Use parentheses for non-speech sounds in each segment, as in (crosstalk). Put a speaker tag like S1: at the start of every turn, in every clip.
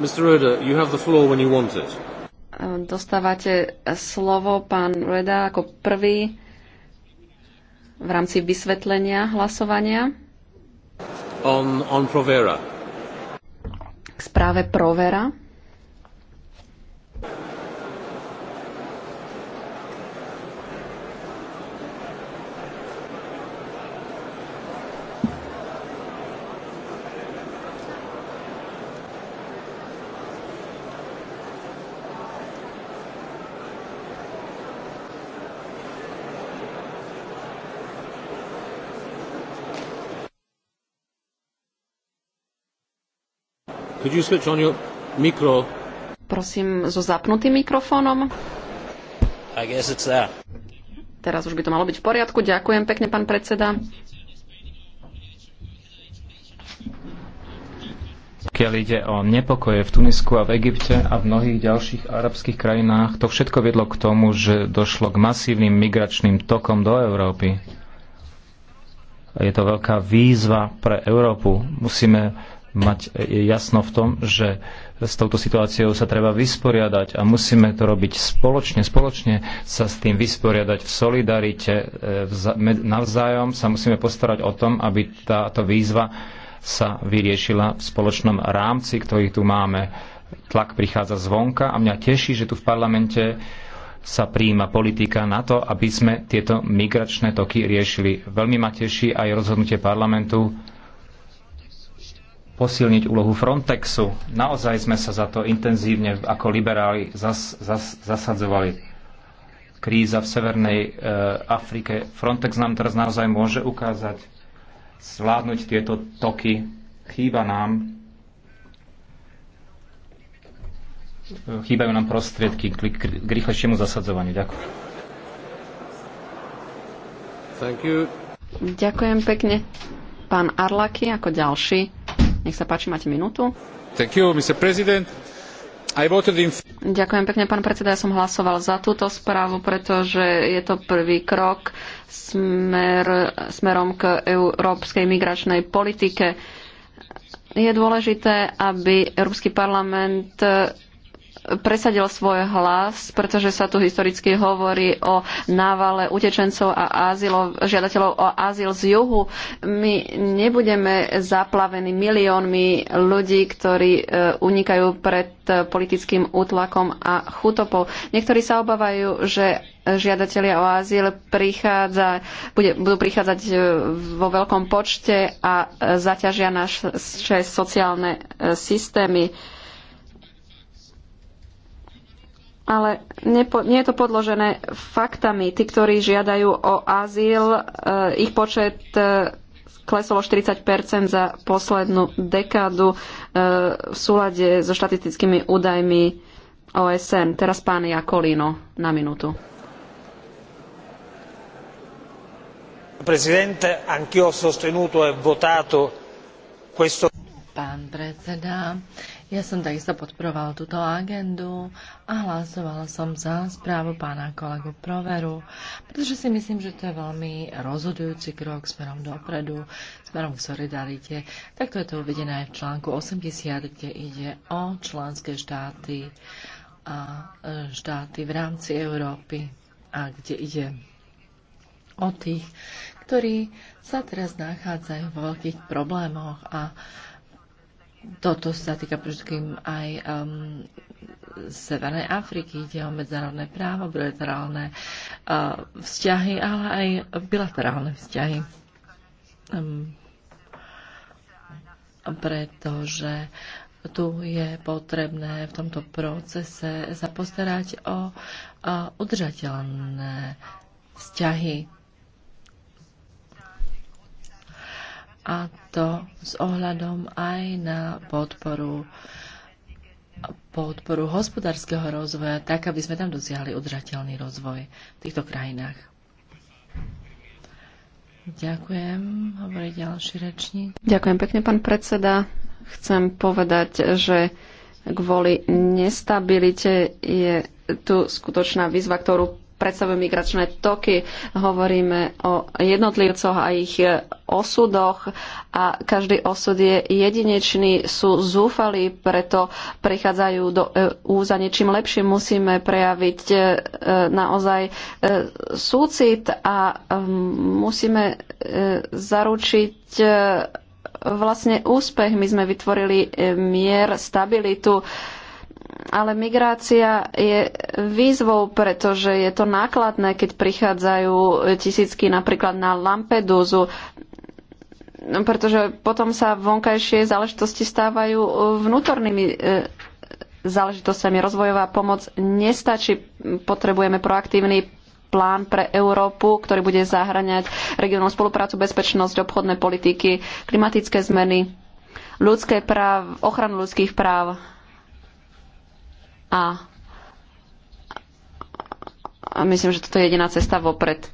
S1: Mr. you have the floor when you want it.
S2: Ehm, dostávate slovo, pán Reda, ako prvý v rámci vysvetlenia hlasovania.
S1: On, on Provera.
S2: K správe Provera.
S1: Could you switch on your micro?
S2: Prosím, so zapnutým mikrofónom.
S1: I guess it's there.
S2: Teraz už by to malo byť v poriadku. Ďakujem pekne, pán predseda.
S1: Pokiaľ ide o nepokoje v Tunisku a v Egypte a v mnohých ďalších arabských krajinách, to všetko viedlo k tomu, že došlo k masívnym migračným tokom do Európy. Je to veľká výzva pre Európu. Musíme mať jasno v tom, že s touto situáciou sa treba vysporiadať a musíme to robiť spoločne, spoločne sa s tým vysporiadať v solidarite, e, navzájom sa musíme postarať o tom, aby táto výzva sa vyriešila v spoločnom rámci, ktorý tu máme. Tlak prichádza zvonka a mňa teší, že tu v parlamente sa prijíma politika na to, aby sme tieto migračné toky riešili. Veľmi ma teší aj rozhodnutie parlamentu posilniť úlohu Frontexu. Naozaj sme sa za to intenzívne ako liberáli zas, zas, zasadzovali. Kríza v Severnej e, Afrike. Frontex nám teraz naozaj môže ukázať, zvládnuť tieto toky. Chýba nám e, chýbajú nám prostriedky k, rýchlejšiemu zasadzovaniu. Ďakujem. Thank you.
S2: Ďakujem pekne. Pán Arlaky ako ďalší. Nech sa páči, máte minútu.
S1: Thank you, Mr. President. Ďakujem
S2: pekne, pán predseda. Ja som hlasoval za túto správu, pretože je to prvý krok smer, smerom k európskej migračnej politike. Je dôležité, aby Európsky parlament presadil svoj hlas, pretože sa tu historicky hovorí o návale utečencov a azylov, žiadateľov o azyl z juhu. My nebudeme zaplavení miliónmi ľudí, ktorí e, unikajú pred e, politickým útlakom a chutopou. Niektorí sa obávajú, že žiadatelia o azyl prichádza, bude, budú prichádzať e, vo veľkom počte a zaťažia naše sociálne systémy ale nepo, nie je to podložené faktami. Tí, ktorí žiadajú o azyl, eh, ich počet eh, klesol o 40 za poslednú dekádu eh, v súlade so štatistickými údajmi OSN. Teraz pán Jakolino na minútu.
S1: Prezident, anch'io ho sostenuto e votato questo
S3: pán predseda. Ja som takisto podporoval túto agendu a hlasovala som za správu pána kolegu Proveru, pretože si myslím, že to je veľmi rozhodujúci krok smerom dopredu, smerom k solidarite. Takto je to uvedené aj v článku 80, kde ide o členské štáty a e, štáty v rámci Európy a kde ide o tých, ktorí sa teraz nachádzajú vo veľkých problémoch a toto sa týka predovšetkým aj um, Severnej Afriky. Ide o medzinárodné právo, bilaterálne uh, vzťahy, ale aj bilaterálne vzťahy. Um, pretože tu je potrebné v tomto procese sa postarať o, o uh, udržateľné vzťahy a to s ohľadom aj na podporu podporu hospodárskeho rozvoja, tak aby sme tam dosiahli udržateľný rozvoj v týchto krajinách. Ďakujem, hovorí ďalší rečník.
S2: Ďakujem pekne, pán predseda. Chcem povedať, že kvôli nestabilite je tu skutočná výzva, ktorú predstavujú migračné toky. Hovoríme o jednotlivcoch a ich osudoch a každý osud je jedinečný, sú zúfalí, preto prichádzajú do EU za niečím lepším. Musíme prejaviť e, naozaj e, súcit a musíme e, zaručiť vlastne úspech. My sme vytvorili mier, stabilitu ale migrácia je výzvou, pretože je to nákladné, keď prichádzajú tisícky napríklad na Lampedúzu, pretože potom sa vonkajšie záležitosti stávajú vnútornými e, záležitosťami. Rozvojová pomoc nestačí, potrebujeme proaktívny plán pre Európu, ktorý bude zahraňať regionálnu spoluprácu, bezpečnosť, obchodné politiky, klimatické zmeny, ľudské práv, ochranu ľudských práv a, a myslím, že toto je jediná cesta vopred.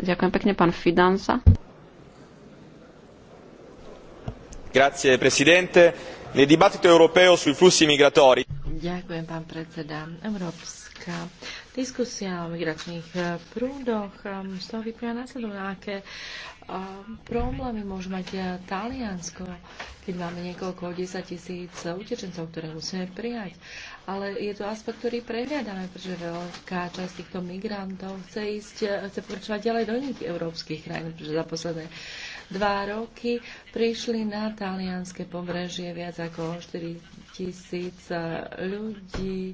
S2: Ďakujem pekne, pán Fidanza.
S4: Grazie,
S1: presidente. Le dibattito europeo sui flussi migratori.
S3: Ďakujem, pán predseda. Európska diskusia o migračných prúdoch ehm, z toho vyplýva následovne, aké problémy môže mať e, Taliansko, keď máme niekoľko 10 tisíc utečencov, ktoré musíme prijať. Ale je to aspekt, ktorý prehľadáme, pretože veľká časť týchto migrantov chce ísť, e, chce pokračovať ďalej do iných európskych krajín, pretože za posledné dva roky prišli na talianské pobrežie viac ako 4 tisíc e, ľudí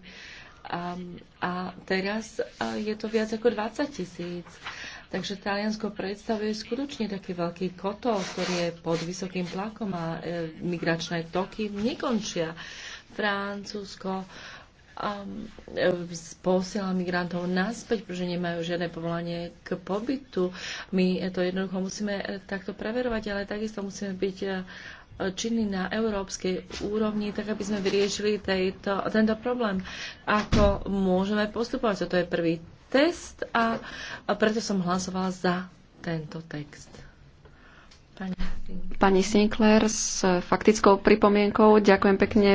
S3: a, a teraz je to viac ako 20 tisíc. Takže Taliansko predstavuje skutočne taký veľký kotol, ktorý je pod vysokým tlakom a e, migračné toky nekončia. Francúzsko um, posiela migrantov naspäť, pretože nemajú žiadne povolanie k pobytu. My to jednoducho musíme e, takto preverovať, ale takisto musíme byť e, činní na európskej úrovni, tak aby sme vyriešili tejto, tento problém. Ako môžeme postupovať? Toto je prvý test a, a preto som hlasovala za tento text. Pani,
S2: Pani Sinclair s faktickou pripomienkou. Ďakujem pekne,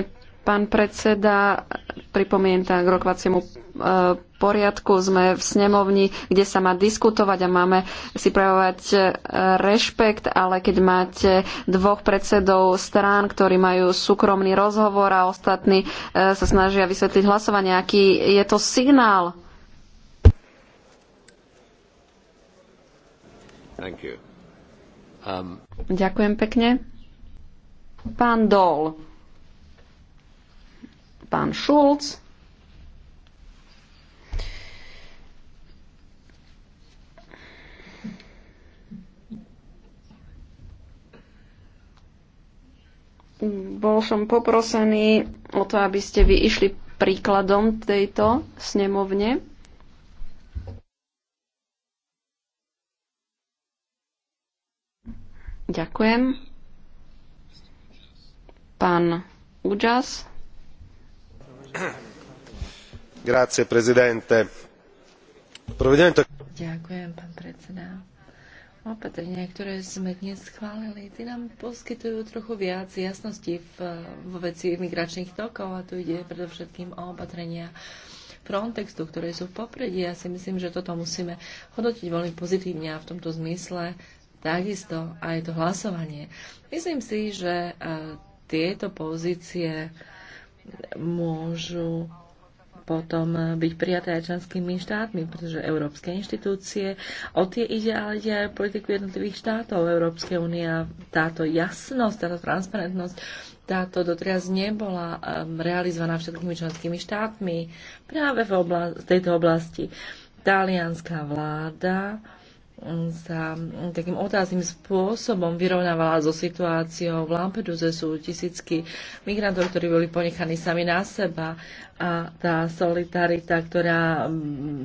S2: pán predseda. Pripomienka k rokovaciemu e, poriadku. Sme v snemovni, kde sa má diskutovať a máme si prejavovať e, rešpekt, ale keď máte dvoch predsedov strán, ktorí majú súkromný rozhovor a ostatní e, sa snažia vysvetliť hlasovanie, aký je to signál
S4: Um, Ďakujem
S2: pekne. Pán Dol, pán Šulc, bol som poprosený o to, aby ste vy išli príkladom tejto snemovne. Ďakujem. Pán Ujas.
S4: Grazie, prezidente. Providente.
S3: Ďakujem, pán predseda. Opatrenia, ktoré sme dnes schválili, ty nám poskytujú trochu viac jasnosti vo veci migračných tokov a tu ide predovšetkým o opatrenia Frontextu, ktoré sú v popredí. Ja si myslím, že toto musíme hodnotiť veľmi pozitívne a v tomto zmysle takisto aj to hlasovanie. Myslím si, že e, tieto pozície môžu potom byť prijaté aj členskými štátmi, pretože európske inštitúcie, o tie ide ale ide aj politiku jednotlivých štátov Európskej únie a táto jasnosť, táto transparentnosť, táto doteraz nebola e, realizovaná všetkými členskými štátmi práve v tejto oblasti. Talianská vláda sa takým otázným spôsobom vyrovnávala so situáciou. V Lampeduze sú tisícky migrantov, ktorí boli ponechaní sami na seba a tá solidarita, ktorá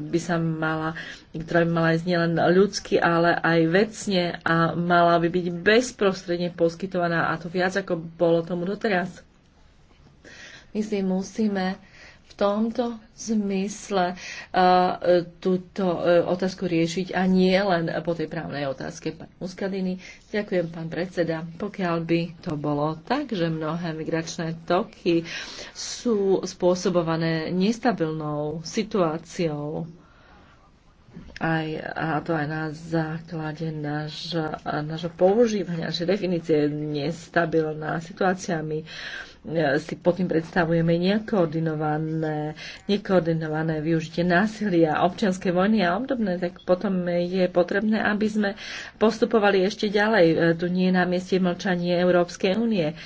S3: by sa mala, ktorá by mala ísť nielen ľudsky, ale aj vecne a mala by byť bezprostredne poskytovaná a to viac ako bolo tomu doteraz. My si musíme v tomto zmysle uh, túto uh, otázku riešiť a nie len po tej právnej otázke. Pán Muskadiny, ďakujem, pán predseda. Pokiaľ by to bolo tak, že mnohé migračné toky sú spôsobované nestabilnou situáciou aj, a to aj na základe náš, nášho používania, že definície nestabilná situácia. My e, si pod tým predstavujeme nekoordinované, nekoordinované využitie násilia, občianske vojny a obdobné, tak potom je potrebné, aby sme postupovali ešte ďalej. E, tu nie je na mieste mlčanie Európskej únie. Uh,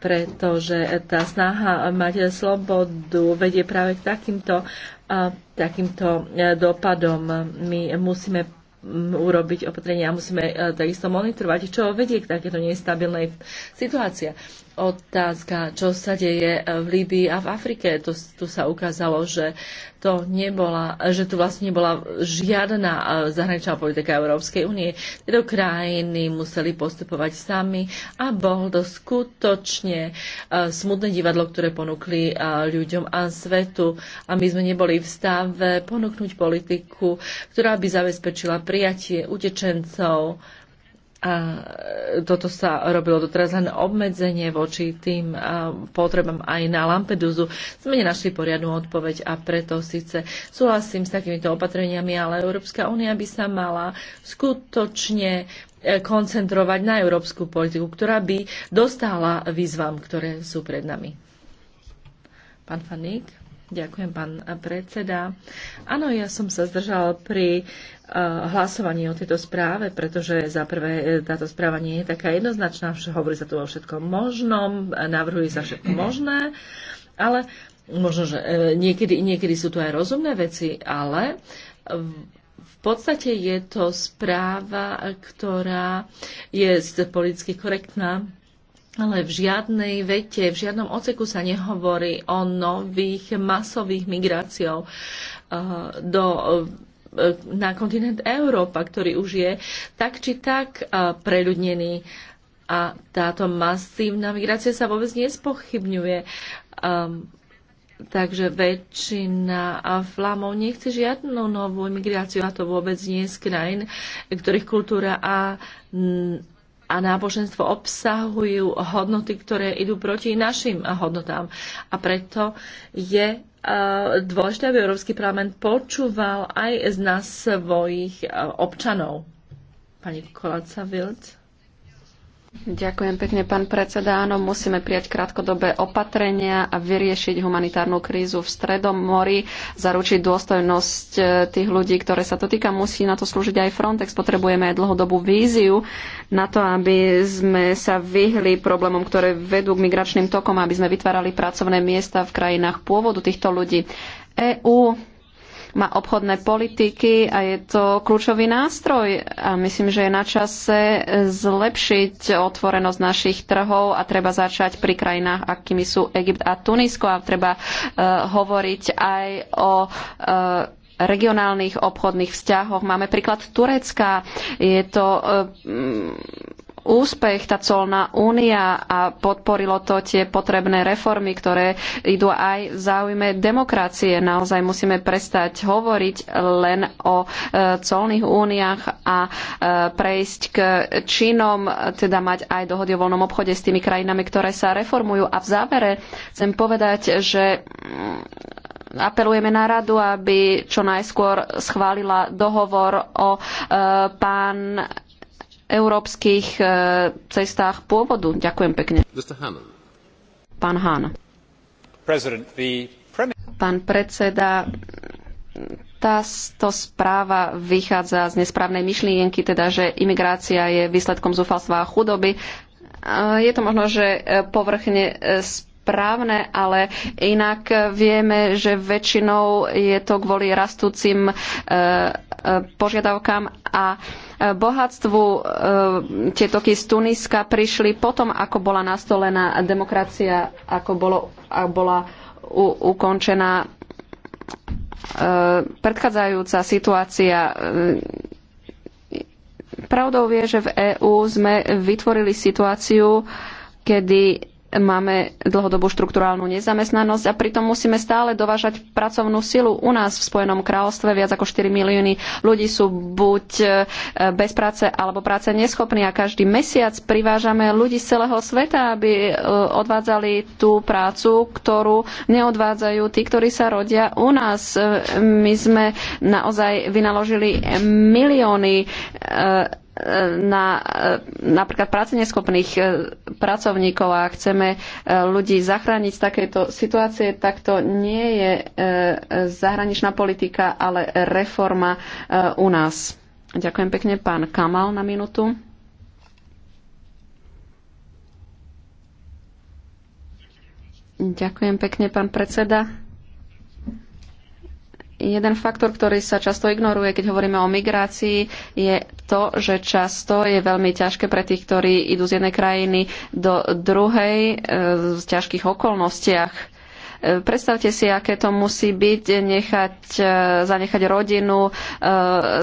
S3: pretože tá snaha mať slobodu vedie práve k takýmto, takýmto e, dopadom. My musíme urobiť opatrenia a musíme e, takisto monitorovať, čo vedie k takéto nestabilnej situácii otázka, čo sa deje v Líbii a v Afrike. To, tu sa ukázalo, že, to nebola, že tu vlastne nebola žiadna e, zahraničná politika Európskej únie. Tieto krajiny museli postupovať sami a bol to skutočne e, smutné divadlo, ktoré ponúkli e, ľuďom a svetu. A my sme neboli v stave ponúknuť politiku, ktorá by zabezpečila prijatie utečencov a toto sa robilo doteraz len obmedzenie voči tým potrebám aj na Lampedusu. Sme nenašli poriadnu odpoveď a preto síce súhlasím s takýmito opatreniami, ale Európska únia by sa mala skutočne e, koncentrovať na európsku politiku, ktorá by dostala výzvam, ktoré sú pred nami. Pán Faník. Ďakujem, pán predseda. Áno, ja som sa zdržal pri uh, hlasovaní o tejto správe, pretože za prvé eh, táto správa nie je taká jednoznačná, hovorí sa tu o všetkom možnom, navrhuje sa všetko možné, ale možno, že eh, niekedy, niekedy sú tu aj rozumné veci, ale v podstate je to správa, ktorá je politicky korektná ale v žiadnej vete, v žiadnom oceku sa nehovorí o nových masových migráciách eh, do eh, na kontinent Európa, ktorý už je tak či tak eh, preľudnený. A táto masívna migrácia sa vôbec nespochybňuje. Um, takže väčšina Flámov nechce žiadnu novú migráciu, a to vôbec nie z krajín, ktorých kultúra a a náboženstvo obsahujú hodnoty, ktoré idú proti našim hodnotám. A preto je e, dôležité, aby Európsky parlament počúval aj z nás svojich e, občanov. Pani kolaca Vilt.
S2: Ďakujem pekne, pán predseda. Áno, musíme prijať krátkodobé opatrenia a vyriešiť humanitárnu krízu v Stredom mori, zaručiť dôstojnosť e, tých ľudí, ktoré sa to týka. Musí na to slúžiť aj Frontex. Potrebujeme aj dlhodobú víziu na to, aby sme sa vyhli problémom, ktoré vedú k migračným tokom, aby sme vytvárali pracovné miesta v krajinách pôvodu týchto ľudí. EÚ má obchodné politiky a je to kľúčový nástroj. A myslím, že je na čase zlepšiť otvorenosť našich trhov a treba začať pri krajinách, akými sú Egypt a Tunisko a treba uh, hovoriť aj o uh, regionálnych obchodných vzťahoch. Máme príklad Turecka. Je to uh, úspech tá colná únia a podporilo to tie potrebné reformy, ktoré idú aj v záujme demokracie. Naozaj musíme prestať hovoriť len o e, colných úniách a e, prejsť k činom, teda mať aj dohody o voľnom obchode s tými krajinami, ktoré sa reformujú. A v závere chcem povedať, že mm, apelujeme na radu, aby čo najskôr schválila dohovor o e, pán európskych e, cestách pôvodu. Ďakujem pekne. Pán Hahn. Pán predseda, táto správa vychádza z nesprávnej myšlienky, teda, že imigrácia je výsledkom zúfalstva a chudoby. Je to možno, že e, povrchne e, správne, ale inak vieme, že väčšinou je to kvôli rastúcim požiadavkám a bohatstvu. E, tie toky z Tuniska prišli potom, ako bola nastolená demokracia, ako bolo, a bola u, ukončená e, predchádzajúca situácia. E, pravdou je, že v EÚ sme vytvorili situáciu, kedy Máme dlhodobú štruktúrálnu nezamestnanosť a pritom musíme stále dovážať pracovnú silu. U nás v Spojenom kráľovstve viac ako 4 milióny ľudí sú buď e, bez práce alebo práce neschopní a každý mesiac privážame ľudí z celého sveta, aby e, odvádzali tú prácu, ktorú neodvádzajú tí, ktorí sa rodia u nás. E, my sme naozaj vynaložili milióny na napríklad neschopných e, pracovníkov a chceme e, ľudí zachrániť z takejto situácie, tak to nie je e, zahraničná politika, ale reforma u nás. Ďakujem pekne, pán Kamal na minútu. Ďakujem pekne, pán predseda. Jeden faktor, ktorý sa často ignoruje, keď hovoríme o migrácii, je to, že často je veľmi ťažké pre tých, ktorí idú z jednej krajiny do druhej e, v ťažkých okolnostiach. E, predstavte si, aké to musí byť nechať, e, zanechať rodinu,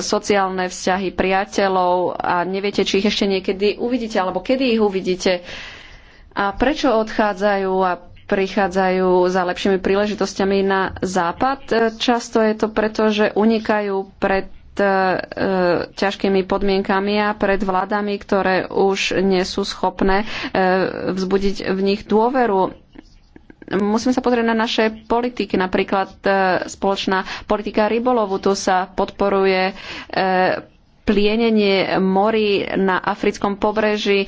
S2: sociálne vzťahy priateľov a neviete, či ich ešte niekedy uvidíte, alebo kedy ich uvidíte. A prečo odchádzajú a prichádzajú za lepšími príležitosťami na západ. E, často je to preto, že unikajú pred e, e, ťažkými podmienkami a pred vládami, ktoré už nie sú schopné vzbudiť v nich dôveru. Musíme sa pozrieť na naše politiky, napríklad spoločná politika rybolovu. Tu sa podporuje plienenie morí na africkom pobreží. E,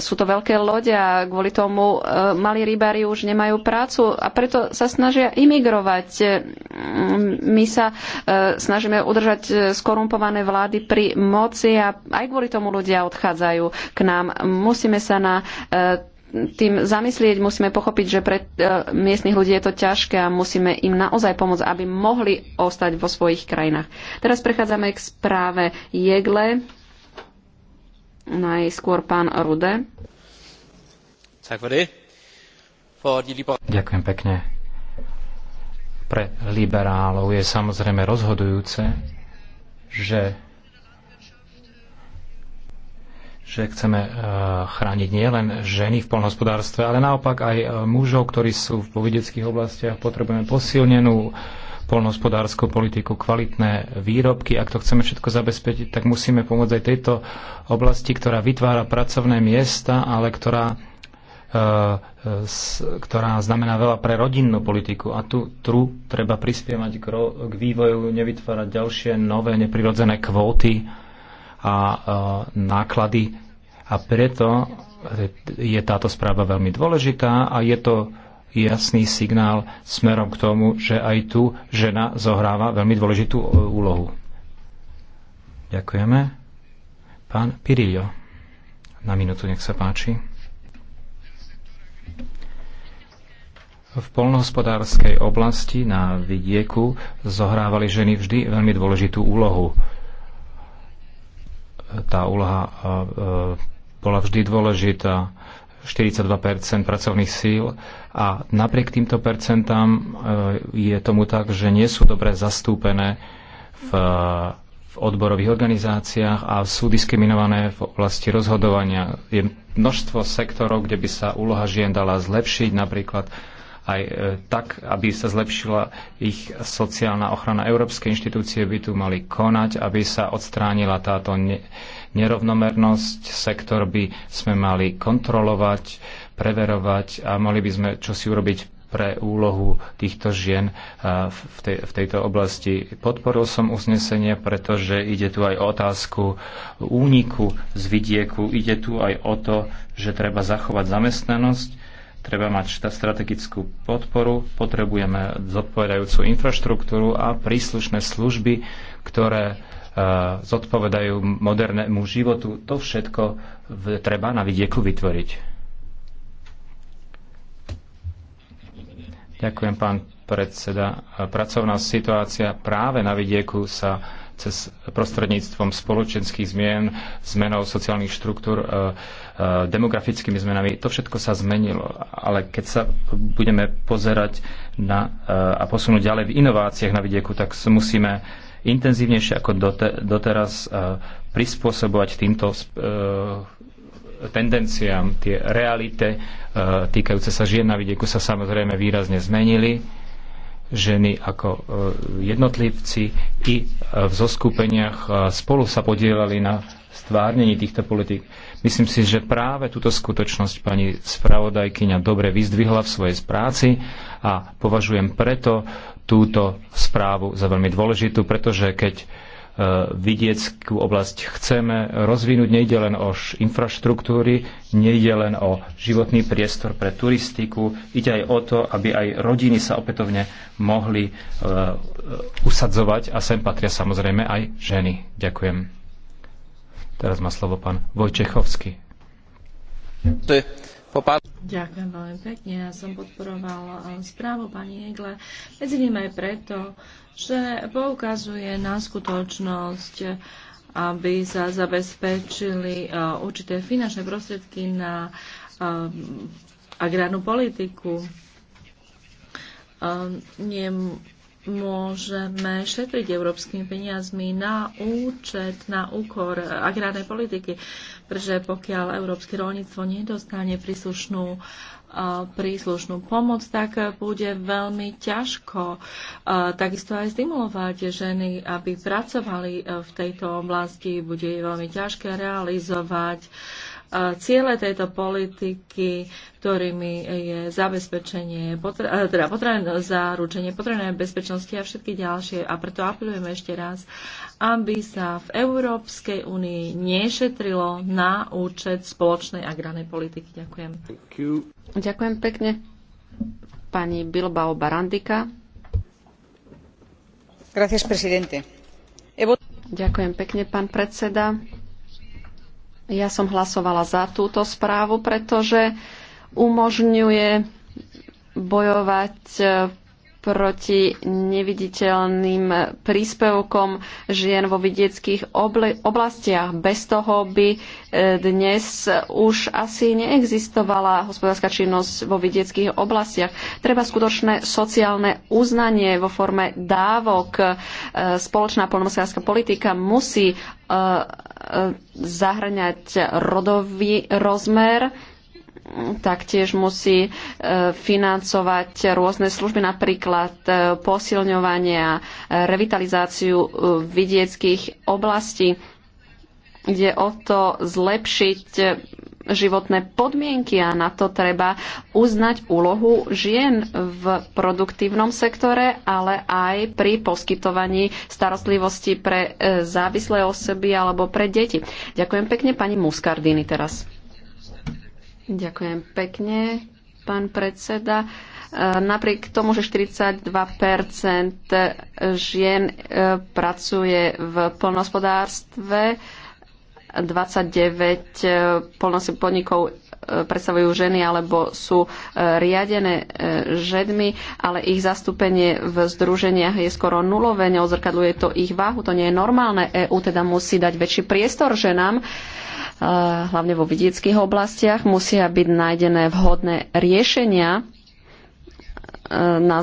S2: sú to veľké lode a kvôli tomu e, malí rybári už nemajú prácu a preto sa snažia imigrovať. E, my sa snažíme udržať skorumpované vlády pri moci a aj kvôli tomu ľudia odchádzajú k nám. Musíme sa na tým zamyslieť, musíme pochopiť, že pre e, miestnych ľudí je to ťažké a musíme im naozaj pomôcť, aby mohli ostať vo svojich krajinách. Teraz prechádzame k správe Jegle, najskôr pán Rude.
S1: Ďakujem pekne. Pre liberálov je samozrejme rozhodujúce, že že chceme e, chrániť nielen ženy v polnohospodárstve, ale naopak aj e, mužov, ktorí sú v povedeckých oblastiach. Potrebujeme posilnenú polnohospodárskú politiku, kvalitné výrobky. Ak to chceme všetko zabezpečiť, tak musíme pomôcť aj tejto oblasti, ktorá vytvára pracovné miesta, ale ktorá, e, ktorá znamená veľa pre rodinnú politiku. A tu, tu treba prispievať k, k vývoju, nevytvárať ďalšie nové neprirodzené kvóty, a e, náklady. A preto je táto správa veľmi dôležitá a je to jasný signál smerom k tomu, že aj tu žena zohráva veľmi dôležitú e, úlohu. Ďakujeme. Pán Pirillo, na minútu nech sa páči. V polnohospodárskej oblasti na vidieku zohrávali ženy vždy veľmi dôležitú úlohu tá úloha e, e, bola vždy dôležitá. 42 pracovných síl a napriek týmto percentám e, je tomu tak, že nie sú dobre zastúpené v, v odborových organizáciách a sú diskriminované v oblasti rozhodovania. Je množstvo sektorov, kde by sa úloha žien dala zlepšiť, napríklad aj e, tak, aby sa zlepšila ich sociálna ochrana. Európske inštitúcie by tu mali konať, aby sa odstránila táto nerovnomernosť. Sektor by sme mali kontrolovať, preverovať a mali by sme čosi urobiť pre úlohu týchto žien e, v, tej, v tejto oblasti. Podporil som uznesenie, pretože ide tu aj o otázku úniku z vidieku, ide tu aj o to, že treba zachovať zamestnanosť treba mať strategickú podporu, potrebujeme zodpovedajúcu infraštruktúru a príslušné služby, ktoré e, zodpovedajú modernému životu. To všetko treba na vidieku vytvoriť. Ďakujem, pán predseda. Pracovná situácia práve na vidieku sa cez prostredníctvom spoločenských zmien, zmenou sociálnych štruktúr e, Eh, demografickými zmenami. To všetko sa zmenilo, ale keď sa budeme pozerať na, eh, a posunúť ďalej v inováciách na vidieku, tak musíme intenzívnejšie ako doteraz eh, prispôsobovať týmto tendenciám. Tie realite týkajúce sa žien na vidieku sa samozrejme výrazne zmenili ženy ako jednotlivci i v zoskupeniach spolu sa podielali na stvárnení týchto politik. Myslím si, že práve túto skutočnosť pani spravodajkyňa dobre vyzdvihla v svojej práci a považujem preto túto správu za veľmi dôležitú, pretože keď e, vidieckú oblasť chceme rozvinúť. Nejde len o infraštruktúry, nejde len o životný priestor pre turistiku, ide aj o to, aby aj rodiny sa opätovne mohli e, e, usadzovať a sem patria samozrejme aj ženy. Ďakujem. Teraz má slovo pán Vojčechovský.
S3: Ďakujem veľmi pekne. Ja som podporoval um, správu pani Egle. Medzi nimi aj preto, že poukazuje na skutočnosť, aby sa zabezpečili uh, určité finančné prostriedky na um, agrárnu politiku. Um, nie môžeme šetriť európskymi peniazmi na účet, na úkor agrárnej politiky, pretože pokiaľ európske rolníctvo nedostane príslušnú príslušnú pomoc, tak bude veľmi ťažko takisto aj stimulovať ženy, aby pracovali v tejto oblasti. Bude veľmi ťažké realizovať ciele tejto politiky, ktorými je zabezpečenie, teda potrebné zaručenie potrebné bezpečnosti a všetky ďalšie. A preto apelujeme ešte raz, aby sa v Európskej únii nešetrilo na účet spoločnej agrárnej politiky. Ďakujem. Ďakujem pekne. Pani Bilbao Barandika.
S2: Gracias, presidente. Ďakujem pekne, pán predseda. Ja som hlasovala za túto správu, pretože umožňuje bojovať eh, proti neviditeľným príspevkom žien vo vidieckých oblastiach. Bez toho by e, dnes už asi neexistovala hospodárska činnosť vo vidieckých oblastiach. Treba skutočné sociálne uznanie vo forme dávok. E, spoločná polnospodárska politika musí e, zahrňať rodový rozmer taktiež musí e, financovať rôzne služby, napríklad e, posilňovanie a e, revitalizáciu vidieckých oblastí. Ide o to zlepšiť životné podmienky a na to treba uznať úlohu žien v produktívnom sektore, ale aj pri poskytovaní starostlivosti pre závislé osoby alebo pre deti. Ďakujem pekne pani Muscardini teraz. Ďakujem pekne, pán predseda. E, napriek tomu, že 42 žien e, pracuje v polnospodárstve, 29 e, polnospodárských podnikov predstavujú ženy alebo sú e, riadené e, ženmi, ale ich zastúpenie v združeniach je skoro nulové, neodzrkadluje to ich váhu, to nie je normálne. EÚ teda musí dať väčší priestor ženám e, hlavne vo vidieckých oblastiach, musia byť nájdené vhodné riešenia na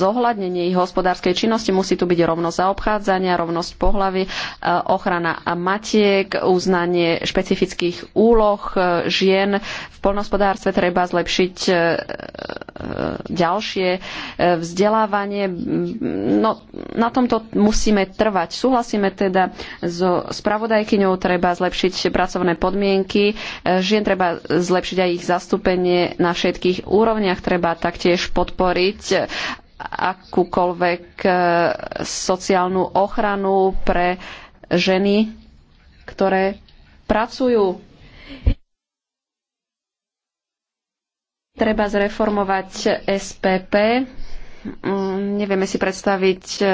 S2: zohľadnenie ich hospodárskej činnosti. Musí tu byť rovnosť zaobchádzania, rovnosť pohlavy, e, ochrana matiek, uznanie špecifických úloh e, žien. V polnospodárstve treba zlepšiť e, ďalšie e, vzdelávanie. No, na tomto musíme trvať. Súhlasíme teda so spravodajkyňou, treba zlepšiť pracovné podmienky, e, žien treba zlepšiť aj ich zastúpenie na všetkých úrovniach, treba taktiež podporiť akúkoľvek e, sociálnu ochranu pre ženy, ktoré pracujú. Treba zreformovať SPP. Mm, nevieme si predstaviť e,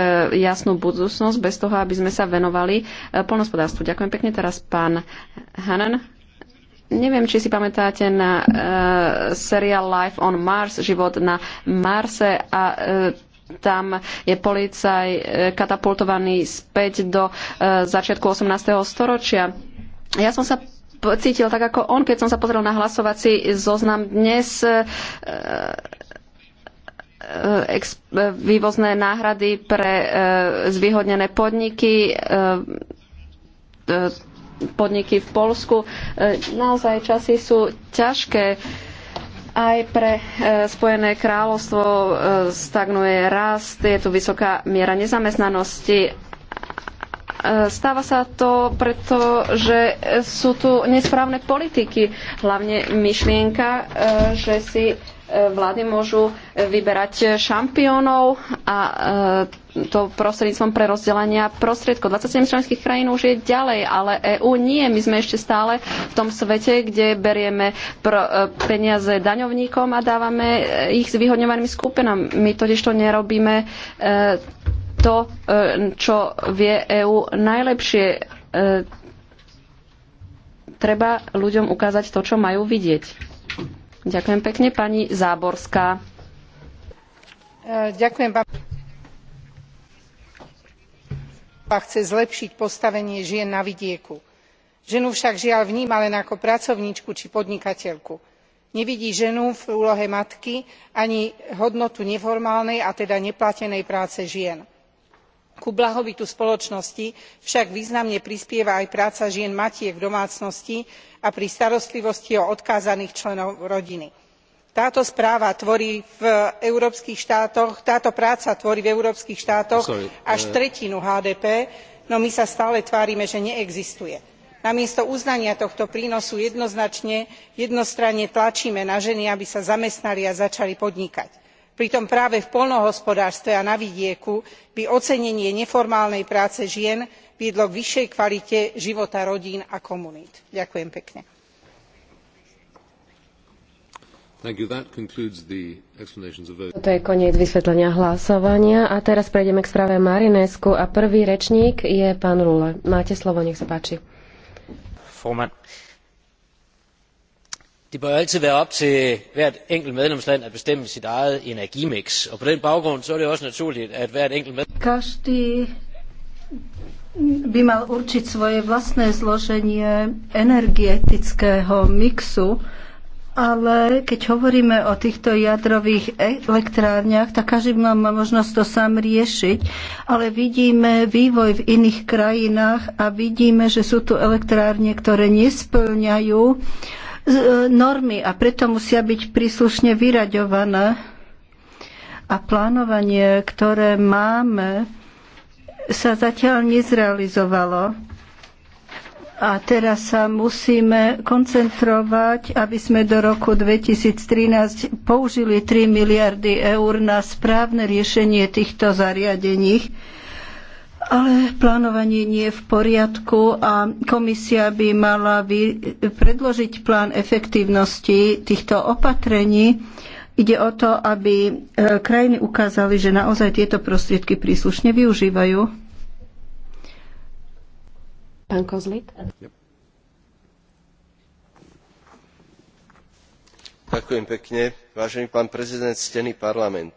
S2: jasnú budúcnosť bez toho, aby sme sa venovali e, polnospodárstvu. Ďakujem pekne teraz pán Hanan. Neviem, či si pamätáte na uh, seriál Life on Mars, život na Marse a uh, tam je policaj katapultovaný späť do začiatku 18. storočia. Ja som sa cítil tak ako on, keď som sa pozrel na hlasovací zoznam dnes. E, e, ex, e, vývozné náhrady pre e, zvýhodnené podniky, e, podniky v Polsku. Naozaj časy sú ťažké aj pre Spojené kráľovstvo stagnuje rast, je tu vysoká miera nezamestnanosti E, stáva sa to preto, že sú tu nesprávne politiky, hlavne myšlienka, e, že si e, vlády môžu vyberať šampiónov a to prostredníctvom pre rozdelenia prostriedkov. 27 členských krajín už je ďalej, ale EÚ nie. My sme ešte stále v tom svete, kde berieme peniaze daňovníkom a dávame ich vyhodňovanými skupinami. My totiž to nerobíme to, e, čo vie EÚ najlepšie. E, treba ľuďom ukázať to, čo majú vidieť. Ďakujem pekne,
S5: pani Záborská. E, ďakujem vám. chce zlepšiť postavenie žien na vidieku. Ženu však žiaľ vníma len ako pracovníčku či podnikateľku nevidí ženu v úlohe matky ani hodnotu neformálnej a teda neplatenej práce žien. Ku blahobytu spoločnosti však významne prispieva aj práca žien matiek v domácnosti a pri starostlivosti o odkázaných členov rodiny. táto práca tvorí v európskych štátoch až eh. tretinu hdp no my sa stále tvárime že neexistuje. namiesto uznania tohto prínosu jednoznačne jednostranne tlačíme na ženy aby sa zamestnali a začali podnikať pritom práve v poľnohospodárstve a na vidieku by ocenenie neformálnej práce žien viedlo k vyššej kvalite života rodín a komunít. ďakujem pekne.
S6: toto je koniec vysvetlenia hlasovania a teraz prejdeme k správe marinescu a prvý rečník je pán rühle. máte slovo nech sa páči
S7: det bør altid være op til hvert
S8: enkelt medlemsland at bestemme sit eget energimiks og på den baggrund så er det også naturligt at hvert enkelt Každý by mal určiť svoje vlastné zloženie energetického mixu, ale keď hovoríme o týchto jadrových elektrárniach, tak každý má možnosť to sám riešiť, ale vidíme vývoj v iných krajinách a vidíme, že sú tu elektrárne, ktoré nesplňajú uh, E, normy a preto musia byť príslušne vyraďované. A plánovanie, ktoré máme, sa zatiaľ nezrealizovalo. A teraz sa musíme koncentrovať, aby sme do roku 2013 použili 3 miliardy eur na správne riešenie týchto zariadení ale plánovanie nie je v poriadku a komisia by mala predložiť plán efektívnosti týchto opatrení. Ide o to, aby e, krajiny ukázali, že naozaj tieto prostriedky príslušne využívajú. Pán Kozlik?
S4: Ďakujem pekne. Vážený pán prezident, stený parlament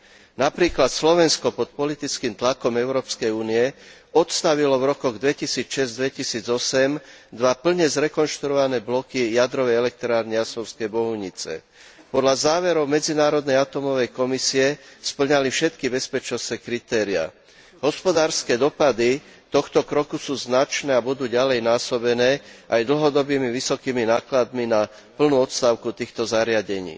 S4: napríklad slovensko pod politickým tlakom európskej únie odstavilo v rokoch two thousand and six two thousand and eight dva plne zrekonštruované bloky jadrovej elektrárne jasovské bohunice. podľa záverov medzinárodnej atómovej komisie spĺňali všetky bezpečnostné kritériá. hospodárske dopady tohto kroku sú značné a budú ďalej násobené aj dlhodobými vysokými nákladmi na plnú odstávku týchto zariadení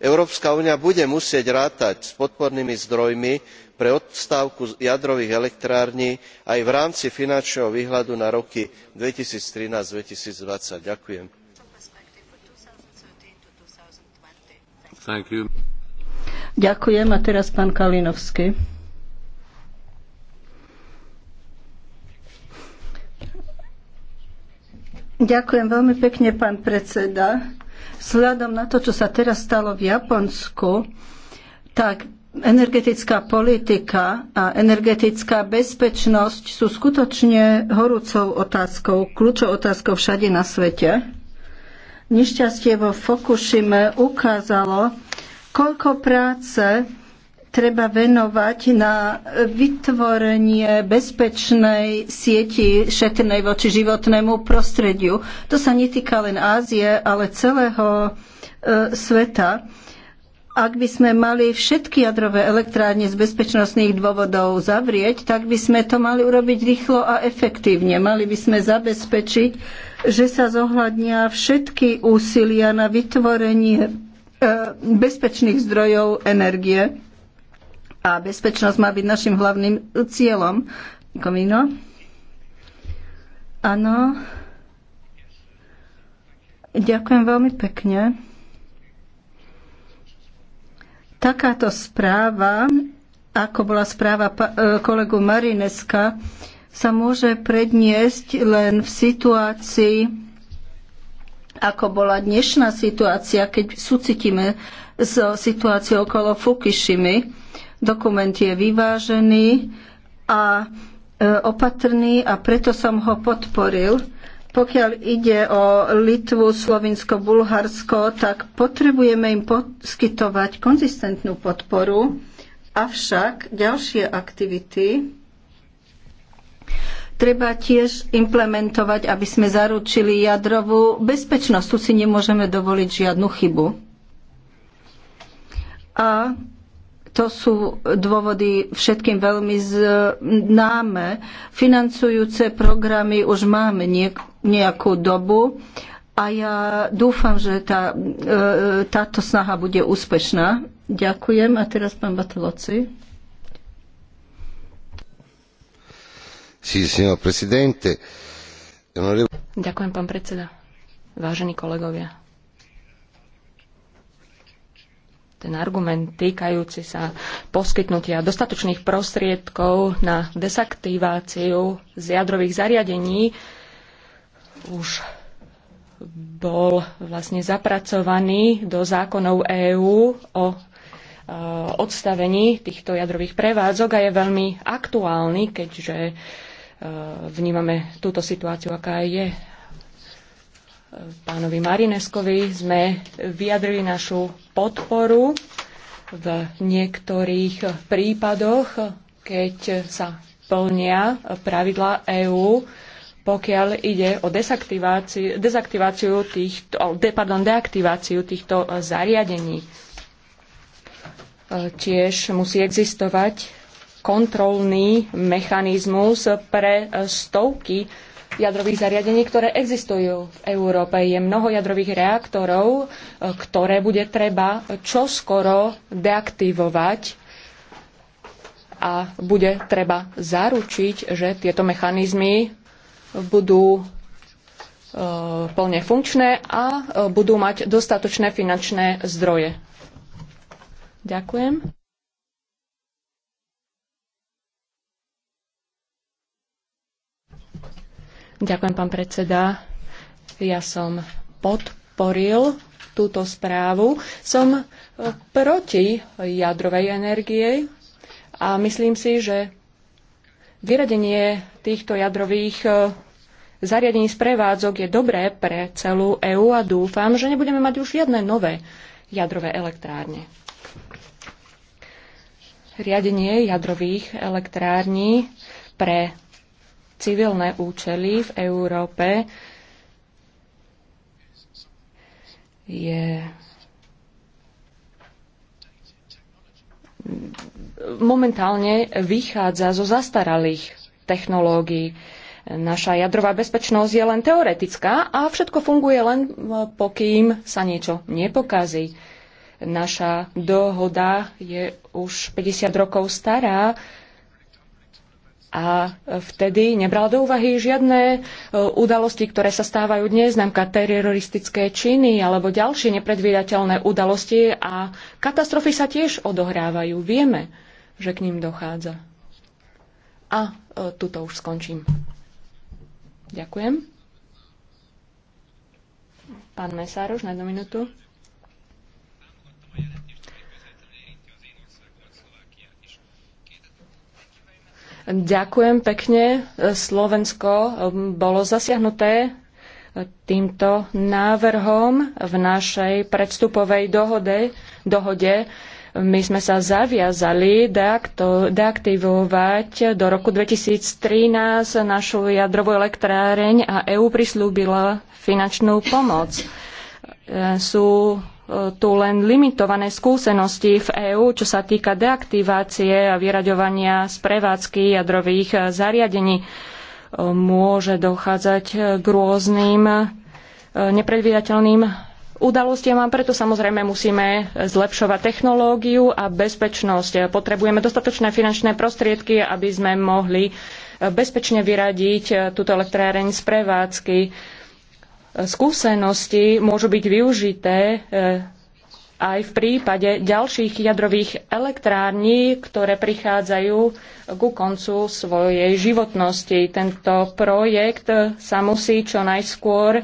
S4: európska únia bude musieť rátať s podpornými zdrojmi pre odstávku jadrových elektrární aj v rámci finančného výhľadu na roky two thousand and thirteen two thousand and twenty
S8: ďakujem. a teraz pán Ďakujem veľmi pekne, pán predseda. Vzhľadom na to, čo sa teraz stalo v Japonsku, tak energetická politika a energetická bezpečnosť sú skutočne horúcou otázkou, kľúčou otázkou všade na svete. Nešťastie vo Fukushime ukázalo, koľko práce treba venovať na vytvorenie bezpečnej sieti šetrnej voči životnému prostrediu. To sa netýka len Ázie, ale celého e, sveta. Ak by sme mali všetky jadrové elektrárne z bezpečnostných dôvodov zavrieť, tak by sme to mali urobiť rýchlo a efektívne. Mali by sme zabezpečiť, že sa zohľadnia všetky úsilia na vytvorenie e, bezpečných zdrojov energie a bezpečnosť má byť našim hlavným cieľom. Komino? Áno. Ďakujem veľmi pekne. Takáto správa, ako bola správa e, kolegu Marineska, sa môže predniesť len v situácii, ako bola dnešná situácia, keď súcitíme s situáciou okolo Fukushimy Dokument je vyvážený a e, opatrný a preto som ho podporil. Pokiaľ ide o Litvu, Slovinsko, Bulharsko, tak potrebujeme im poskytovať konzistentnú podporu, avšak ďalšie aktivity treba tiež implementovať, aby sme zaručili jadrovú bezpečnosť. Tu si nemôžeme dovoliť žiadnu chybu. A to sú dôvody všetkým veľmi známe. Financujúce programy už máme nejakú dobu a ja dúfam, že tá, e, táto snaha bude úspešná. Ďakujem. A teraz pán Bateloci.
S7: Ďakujem, pán predseda. Vážení kolegovia. ten argument týkajúci sa poskytnutia dostatočných prostriedkov na desaktiváciu z jadrových zariadení už bol vlastne zapracovaný do zákonov EÚ o e, odstavení týchto jadrových prevádzok a je veľmi aktuálny, keďže e, vnímame túto situáciu, aká je pánovi Marineskovi sme vyjadrili našu podporu v niektorých prípadoch, keď sa plnia pravidla EÚ, pokiaľ ide o dezaktiváciu týchto, de, pardon, deaktiváciu týchto e, zariadení. E, tiež musí existovať kontrolný mechanizmus pre e, stovky jadrových zariadení, ktoré existujú v Európe. Je mnoho jadrových reaktorov, e, ktoré bude treba čoskoro deaktivovať a bude treba zaručiť, že tieto mechanizmy budú e, plne funkčné a e, budú mať dostatočné finančné zdroje. Ďakujem. Ďakujem, pán predseda. Ja som podporil túto správu. Som e, proti jadrovej energie a myslím si, že vyradenie týchto jadrových e, zariadení z prevádzok je dobré pre celú EÚ a dúfam, že nebudeme mať už žiadne nové jadrové elektrárne. Riadenie jadrových elektrární pre civilné účely v Európe je momentálne vychádza zo zastaralých technológií. Naša jadrová bezpečnosť je len teoretická a všetko funguje len e, pokým sa niečo nepokazí. Naša dohoda je už 50 rokov stará a vtedy nebral do úvahy žiadne e, udalosti, ktoré sa stávajú dnes, známka teroristické činy alebo ďalšie nepredvídateľné udalosti a katastrofy sa tiež odohrávajú. Vieme, že k ním dochádza. A e, tuto už skončím. Ďakujem. Pán Mesároš, na jednu minútu. Ďakujem pekne. Slovensko um, bolo zasiahnuté uh, týmto návrhom v našej predstupovej dohode. dohode my sme sa zaviazali deaktivovať do roku 2013 našu jadrovú elektráreň a EÚ prislúbila finančnú pomoc. Uh, sú tu len limitované skúsenosti v EÚ, čo sa týka deaktivácie a vyraďovania z prevádzky jadrových zariadení. Môže dochádzať k rôznym e, nepredvídateľným udalostiam a preto samozrejme musíme zlepšovať technológiu a bezpečnosť. Potrebujeme dostatočné finančné prostriedky, aby sme mohli bezpečne vyradiť túto elektráreň z prevádzky skúsenosti môžu byť využité e, aj v prípade ďalších jadrových elektrární, ktoré prichádzajú ku koncu svojej životnosti. Tento projekt sa musí čo najskôr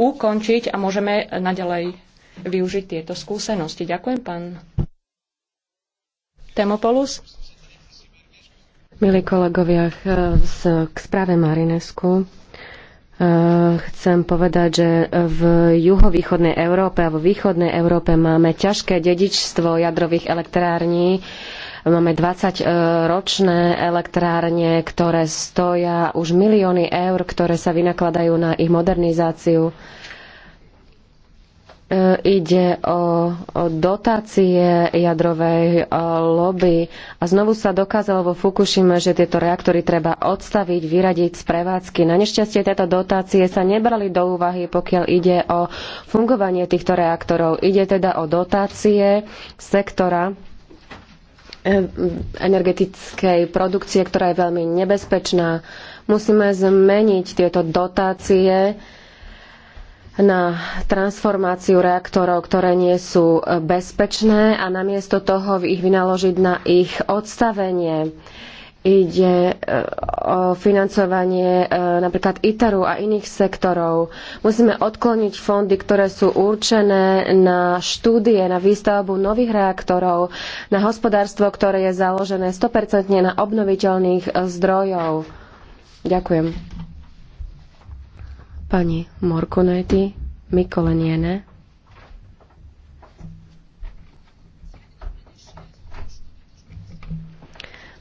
S7: ukončiť a môžeme naďalej využiť tieto skúsenosti. Ďakujem, pán Temopolus.
S6: Milí kolegovia, e, k správe Marinesku Eh, chcem povedať, že v juhovýchodnej Európe a vo východnej Európe máme ťažké dedičstvo jadrových elektrární. Máme 20-ročné eh, elektrárne, ktoré stoja už milióny eur, ktoré sa vynakladajú na ich modernizáciu ide o, o dotácie jadrovej e, lobby a znovu sa dokázalo vo Fukushima, že tieto reaktory treba odstaviť, vyradiť z prevádzky. Na nešťastie tieto dotácie sa nebrali do úvahy, pokiaľ ide o fungovanie týchto reaktorov. Ide teda o dotácie sektora e, energetickej produkcie, ktorá je veľmi nebezpečná. Musíme zmeniť tieto dotácie, na transformáciu reaktorov, ktoré nie sú e, bezpečné a namiesto toho ich vynaložiť na ich odstavenie. Ide e, o financovanie e, napríklad ITERu a iných sektorov. Musíme odkloniť fondy, ktoré sú určené na štúdie, na výstavbu nových reaktorov, na hospodárstvo, ktoré je založené 100% na obnoviteľných zdrojov. Ďakujem pani Morkonéty Mikoleniene.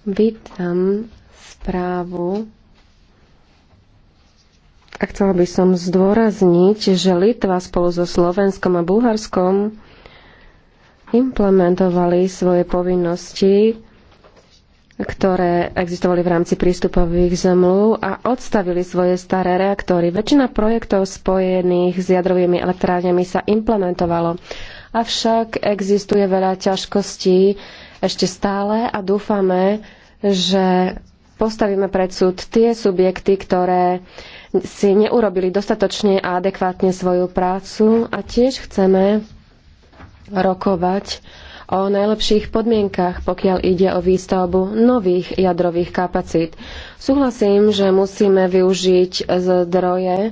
S6: Vítam správu a chcela by som zdôrazniť, že Litva spolu so Slovenskom a Bulharskom implementovali svoje povinnosti ktoré existovali v rámci prístupových zmluv a odstavili svoje staré reaktory. Väčšina projektov spojených s jadrovými elektrárňami sa implementovalo. Avšak existuje veľa ťažkostí ešte stále a dúfame, že postavíme pred súd tie subjekty, ktoré si neurobili dostatočne a adekvátne svoju prácu a tiež chceme rokovať o najlepších podmienkach, pokiaľ ide o výstavbu nových jadrových kapacít. Súhlasím, že musíme využiť zdroje e,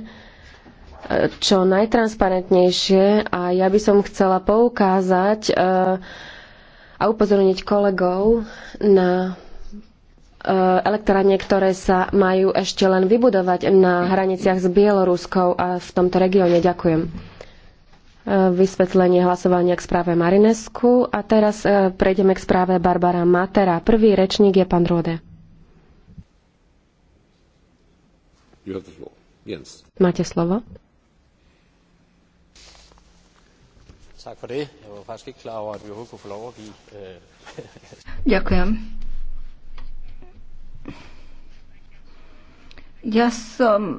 S6: čo najtransparentnejšie a ja by som chcela poukázať e, a upozorniť kolegov na e, elektrárne, ktoré sa majú ešte len vybudovať na hraniciach s Bieloruskou a v tomto regióne. Ďakujem vysvetlenie hlasovania k správe Marinesku. A teraz e, prejdeme k správe Barbara Matera. Prvý rečník je pán Rode. Máte slovo.
S1: Øh, (laughs)
S8: Ďakujem. Ja som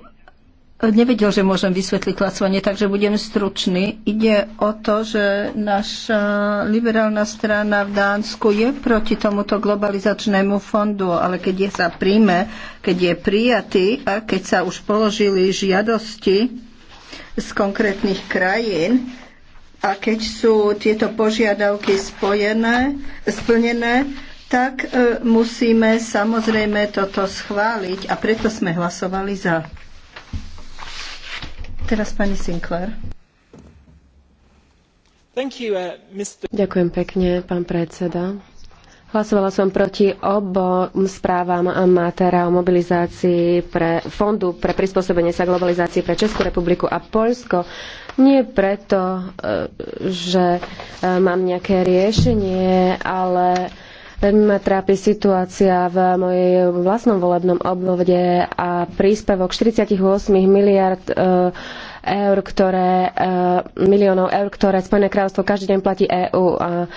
S8: nevedel, že môžem vysvetliť hlasovanie, takže budem stručný. Ide o to, že naša liberálna strana v Dánsku je proti tomuto globalizačnému fondu, ale keď je sa príjme, keď je prijatý a keď sa už položili žiadosti z konkrétnych krajín, a keď sú tieto požiadavky spojené, splnené, tak e, musíme samozrejme toto schváliť a preto sme hlasovali za teraz pani Sinclair.
S3: Uh,
S6: Ďakujem pekne, pán predseda. Hlasovala som proti obom správam Matera o mobilizácii pre fondu pre prispôsobenie sa globalizácii pre Českú republiku a Poľsko. Nie preto, e, že e, mám nejaké riešenie, ale Veľmi ma trápi situácia v mojej vlastnom volebnom obvode a príspevok 48 miliard e, eur, ktoré, e, miliónov eur, ktoré Spojené kráľovstvo každý deň platí EÚ. E,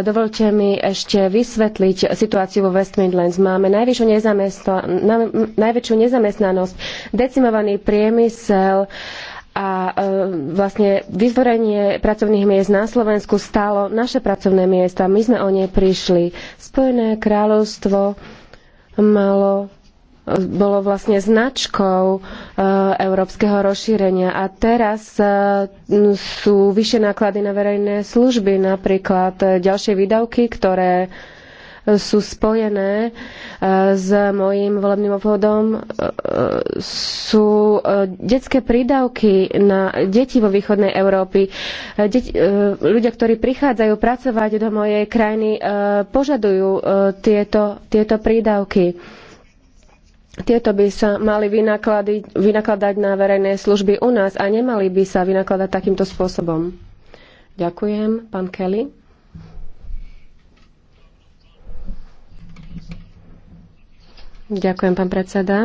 S6: dovolte mi ešte vysvetliť situáciu vo West Midlands. Máme najvyššiu, nezamestn- najväčšiu nezamestnanosť, decimovaný priemysel, a e, vlastne vytvorenie pracovných miest na Slovensku stálo naše pracovné miesta. My sme o ne prišli. Spojené kráľovstvo malo bolo vlastne značkou e, európskeho rozšírenia. A teraz e, sú vyššie náklady na verejné služby, napríklad e, ďalšie výdavky, ktoré e, sú spojené e, s mojím volebným obvodom, e, sú e, detské prídavky na deti vo východnej Európy. Deti, ľudia, ktorí prichádzajú pracovať do mojej krajiny, požadujú tieto, tieto prídavky. Tieto by sa mali vynakladať na verejné služby u nás a nemali by sa vynakladať takýmto spôsobom. Ďakujem, pán Kelly. Ďakujem, pán predseda.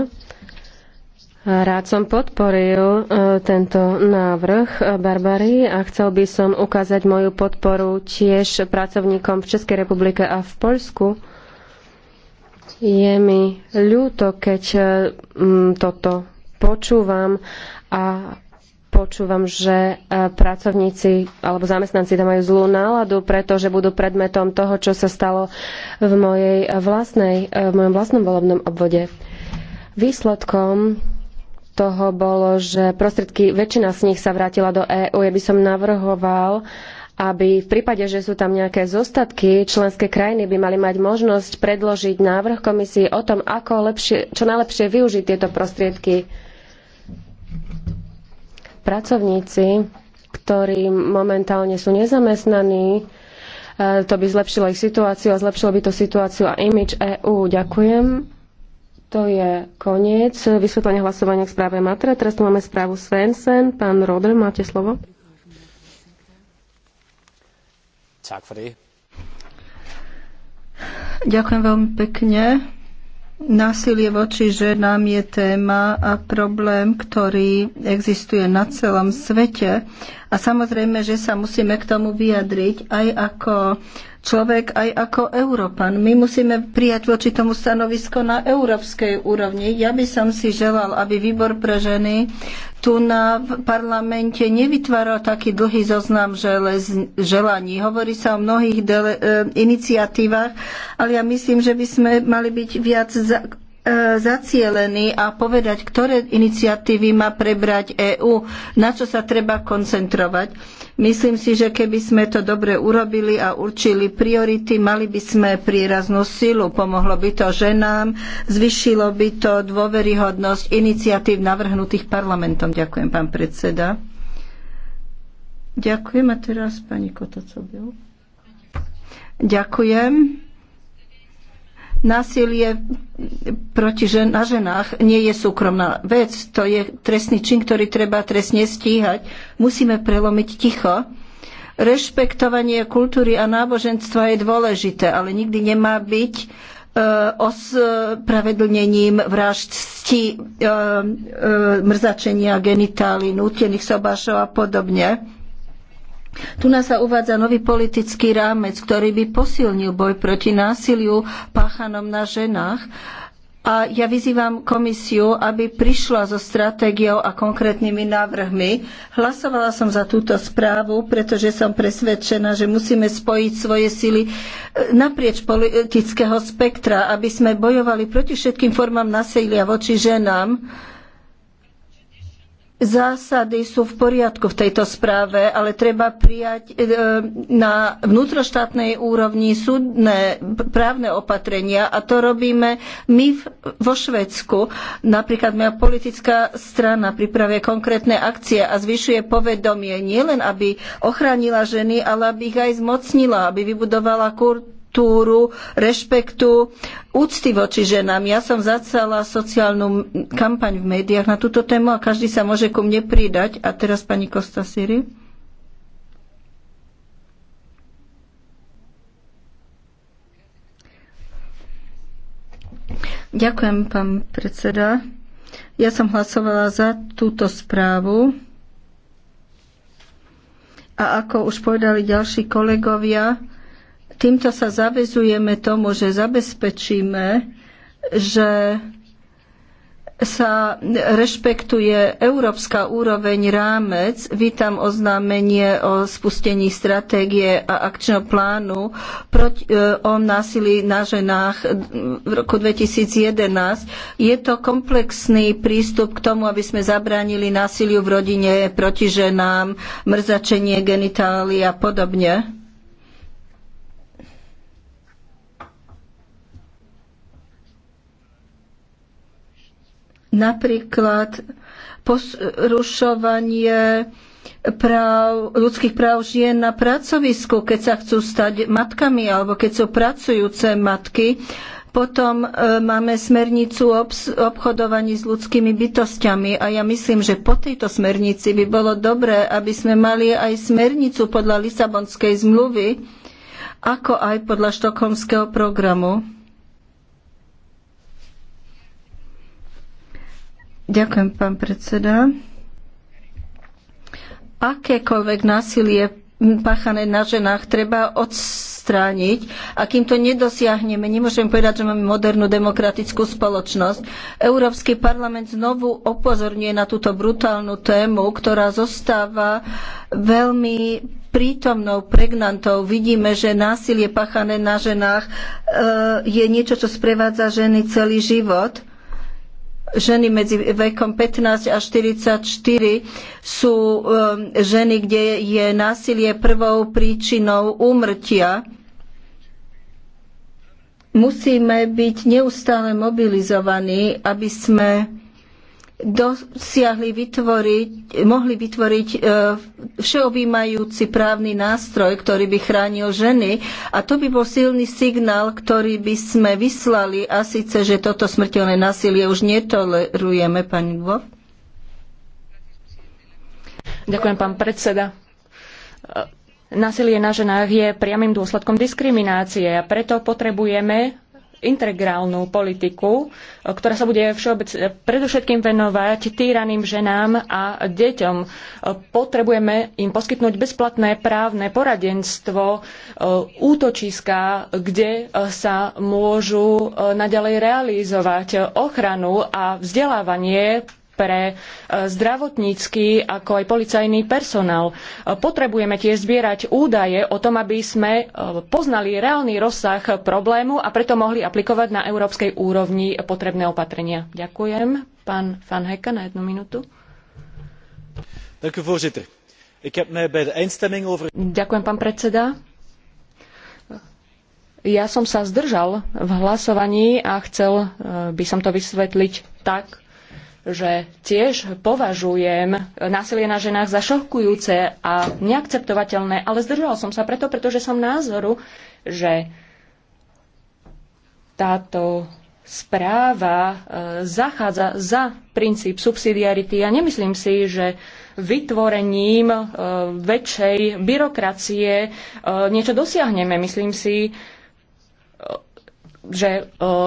S6: Rád som podporil e, tento návrh e, Barbary a chcel by som ukázať moju podporu tiež pracovníkom v Českej republike a v Poľsku. Je mi ľúto, keď e, toto počúvam a počúvam, že e, pracovníci alebo zamestnanci tam majú zlú náladu, pretože budú predmetom toho, čo sa stalo v mojej e, vlastnej, e, v mojom vlastnom volebnom obvode. Výsledkom toho bolo, že prostriedky, väčšina z nich sa vrátila do EÚ. Ja by som navrhoval, aby v prípade, že sú tam nejaké zostatky, členské krajiny by mali mať možnosť predložiť návrh komisii o tom, ako lepšie, čo najlepšie využiť tieto prostriedky pracovníci, ktorí momentálne sú nezamestnaní, e, to by zlepšilo ich situáciu a zlepšilo by to situáciu a imič EÚ. Ďakujem. To je koniec vysvetlenia hlasovania k správe Matra. Teraz tu máme správu Svensen. Pán Rodel, máte slovo.
S8: Ďakujem veľmi pekne. Násilie voči ženám je téma a problém, ktorý existuje na celom svete. A samozrejme, že sa musíme k tomu vyjadriť aj ako človek aj ako Európan. My musíme prijať voči tomu stanovisko na európskej úrovni. Ja by som si želal, aby výbor pre ženy tu na parlamente nevytváral taký dlhý zoznam želaní. Hovorí sa o mnohých e, iniciatívach, ale ja myslím, že by sme mali byť viac E, zacielený a povedať, ktoré iniciatívy má prebrať EÚ, na čo sa treba koncentrovať. Myslím si, že keby sme to dobre urobili a určili priority, mali by sme príraznú silu. Pomohlo by to ženám, zvyšilo by to dôveryhodnosť iniciatív navrhnutých parlamentom. Ďakujem, pán predseda. Ďakujem a teraz pani Kotocobil. Ďakujem. Násilie proti žen- na ženách nie je súkromná vec, to je trestný čin, ktorý treba trestne stíhať. Musíme prelomiť ticho. Rešpektovanie kultúry a náboženstva je dôležité, ale nikdy nemá byť e, ospravedlnením vraždsti, e, e, mrzačenia genitálií, nútených sobášov a podobne tu nás sa uvádza nový politický rámec, ktorý by posilnil boj proti násiliu páchanom na ženách. A ja vyzývam komisiu, aby prišla so stratégiou a konkrétnymi návrhmi. Hlasovala som za túto správu, pretože som presvedčená, že musíme spojiť svoje sily e, naprieč politického spektra, aby sme bojovali proti všetkým formám násilia voči ženám Zásady sú v poriadku v tejto správe, ale treba prijať e, na vnútroštátnej úrovni súdne právne opatrenia a to robíme my vo Švedsku. Napríklad moja politická strana pripravuje konkrétne akcie a zvyšuje povedomie nielen, aby ochránila ženy, ale aby ich aj zmocnila, aby vybudovala kur kultúru rešpektu, úcty voči ženám. Ja som začala sociálnu kampaň v médiách na túto tému a každý sa môže ku mne pridať. A teraz pani Kosta Siri. Ďakujem, pán predseda. Ja som hlasovala za túto správu. A ako už povedali ďalší kolegovia, Týmto sa zavezujeme tomu, že zabezpečíme, že sa rešpektuje európska úroveň rámec. Vítam oznámenie o spustení stratégie a akčného plánu proti, e, o násilí na ženách v roku 2011. Je to komplexný prístup k tomu, aby sme zabránili násiliu v rodine proti ženám, mrzačenie genitálií a podobne Napríklad porušovanie práv, ľudských práv žien na pracovisku, keď sa chcú stať matkami alebo keď sú pracujúce matky. Potom e, máme smernicu o obchodovaní s ľudskými bytostiami a ja myslím, že po tejto smernici by bolo dobré, aby sme mali aj smernicu podľa Lisabonskej zmluvy, ako aj podľa štokholmského programu Ďakujem, pán predseda. Akékoľvek násilie páchané na ženách treba odstrániť a kým to nedosiahneme, nemôžem povedať, že máme modernú demokratickú spoločnosť. Európsky parlament znovu opozorňuje na túto brutálnu tému, ktorá zostáva veľmi prítomnou pregnantou. Vidíme, že násilie páchané na ženách eh, je niečo, čo sprevádza ženy celý život ženy medzi vekom 15 až 44 sú um, ženy, kde je násilie prvou príčinou úmrtia. Musíme byť neustále mobilizovaní, aby sme dosiahli vytvoriť, mohli vytvoriť e, všeobjímajúci právny nástroj, ktorý by chránil ženy. A to by bol silný signál, ktorý by sme vyslali a síce, že toto smrteľné násilie už netolerujeme, pani Dvov. Ďakujem, pán predseda. Násilie na
S7: ženách je priamým dôsledkom diskriminácie a preto potrebujeme integrálnu politiku, e, ktorá sa bude všeobec e, predovšetkým venovať týraným ženám a deťom. E, potrebujeme im poskytnúť bezplatné právne poradenstvo, útočiska, kde sa môžu naďalej realizovať ochranu a vzdelávanie pre e, zdravotnícky ako aj policajný personál. E, potrebujeme tiež zbierať údaje o tom, aby sme e, poznali reálny rozsah problému a preto mohli aplikovať na európskej úrovni potrebné opatrenia. Ďakujem. Pán Van Hekka na jednu minútu. Ďakujem, pán predseda. Ja som sa zdržal v hlasovaní a chcel by som to vysvetliť tak, že tiež považujem násilie na ženách za šokujúce a neakceptovateľné, ale zdržal som sa preto, pretože som názoru, že táto správa e, zachádza za princíp subsidiarity. Ja nemyslím si, že vytvorením e, väčšej byrokracie e, niečo dosiahneme. Myslím si, že e,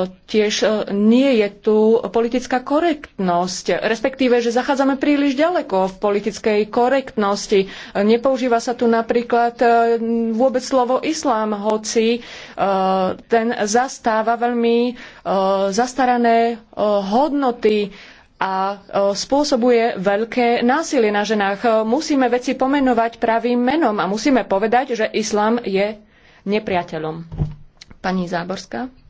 S7: tiež e, nie je tu politická korektnosť, respektíve, že zachádzame príliš ďaleko v politickej korektnosti. E, nepoužíva sa tu napríklad vôbec slovo islám, hoci ten zastáva veľmi zastarané hodnoty a spôsobuje veľké násilie na ženách. Musíme veci pomenovať pravým menom a musíme povedať, že islám je nepriateľom. Pani Záborská.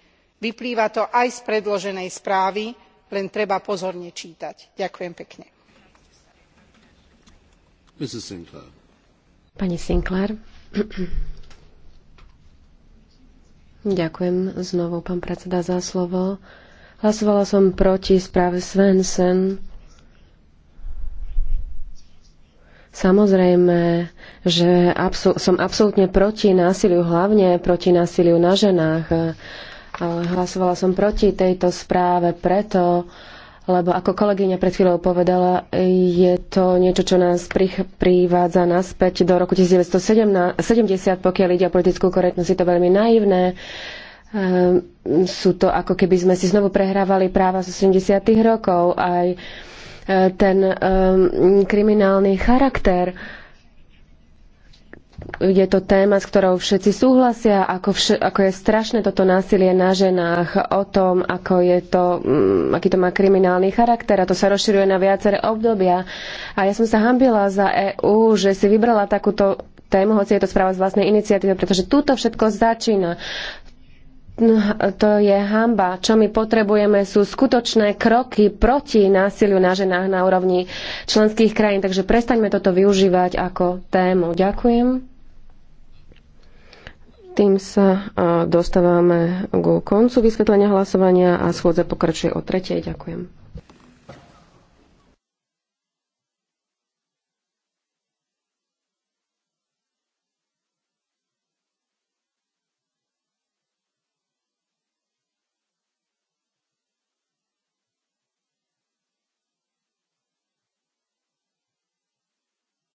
S5: vyplýva to aj z predloženej správy len treba pozorne čítať. ďakujem pekne.
S4: (clears throat)
S6: ďakujem znovu pán predseda za slovo. Hlasovala som proti správe Svensson. Samozrejme, že absol som absolútne proti násiliu, hlavne proti násiliu na ženách ale hlasovala som proti tejto správe preto, lebo ako kolegyňa pred chvíľou povedala, je to niečo, čo nás privádza naspäť do roku 1970, pokiaľ ide o politickú korektnosť, je to veľmi naivné. Ehm, sú to ako keby sme si znovu prehrávali práva z 80. rokov, aj e, ten um, kriminálny charakter je to téma, s ktorou všetci súhlasia, ako, vš- ako je strašné toto násilie na ženách, o tom, ako je to, um, aký to má kriminálny charakter a to sa rozširuje na viaceré obdobia. A ja som sa hambila za EÚ, že si vybrala takúto tému, hoci je to správa z vlastnej iniciatívy, pretože túto všetko začína. No, to je hamba. Čo my potrebujeme sú skutočné kroky proti násiliu na ženách na úrovni členských krajín. Takže prestaňme toto využívať ako tému. Ďakujem. Tým sa dostávame ku koncu vysvetlenia hlasovania a schôdza pokračuje o tretej. Ďakujem.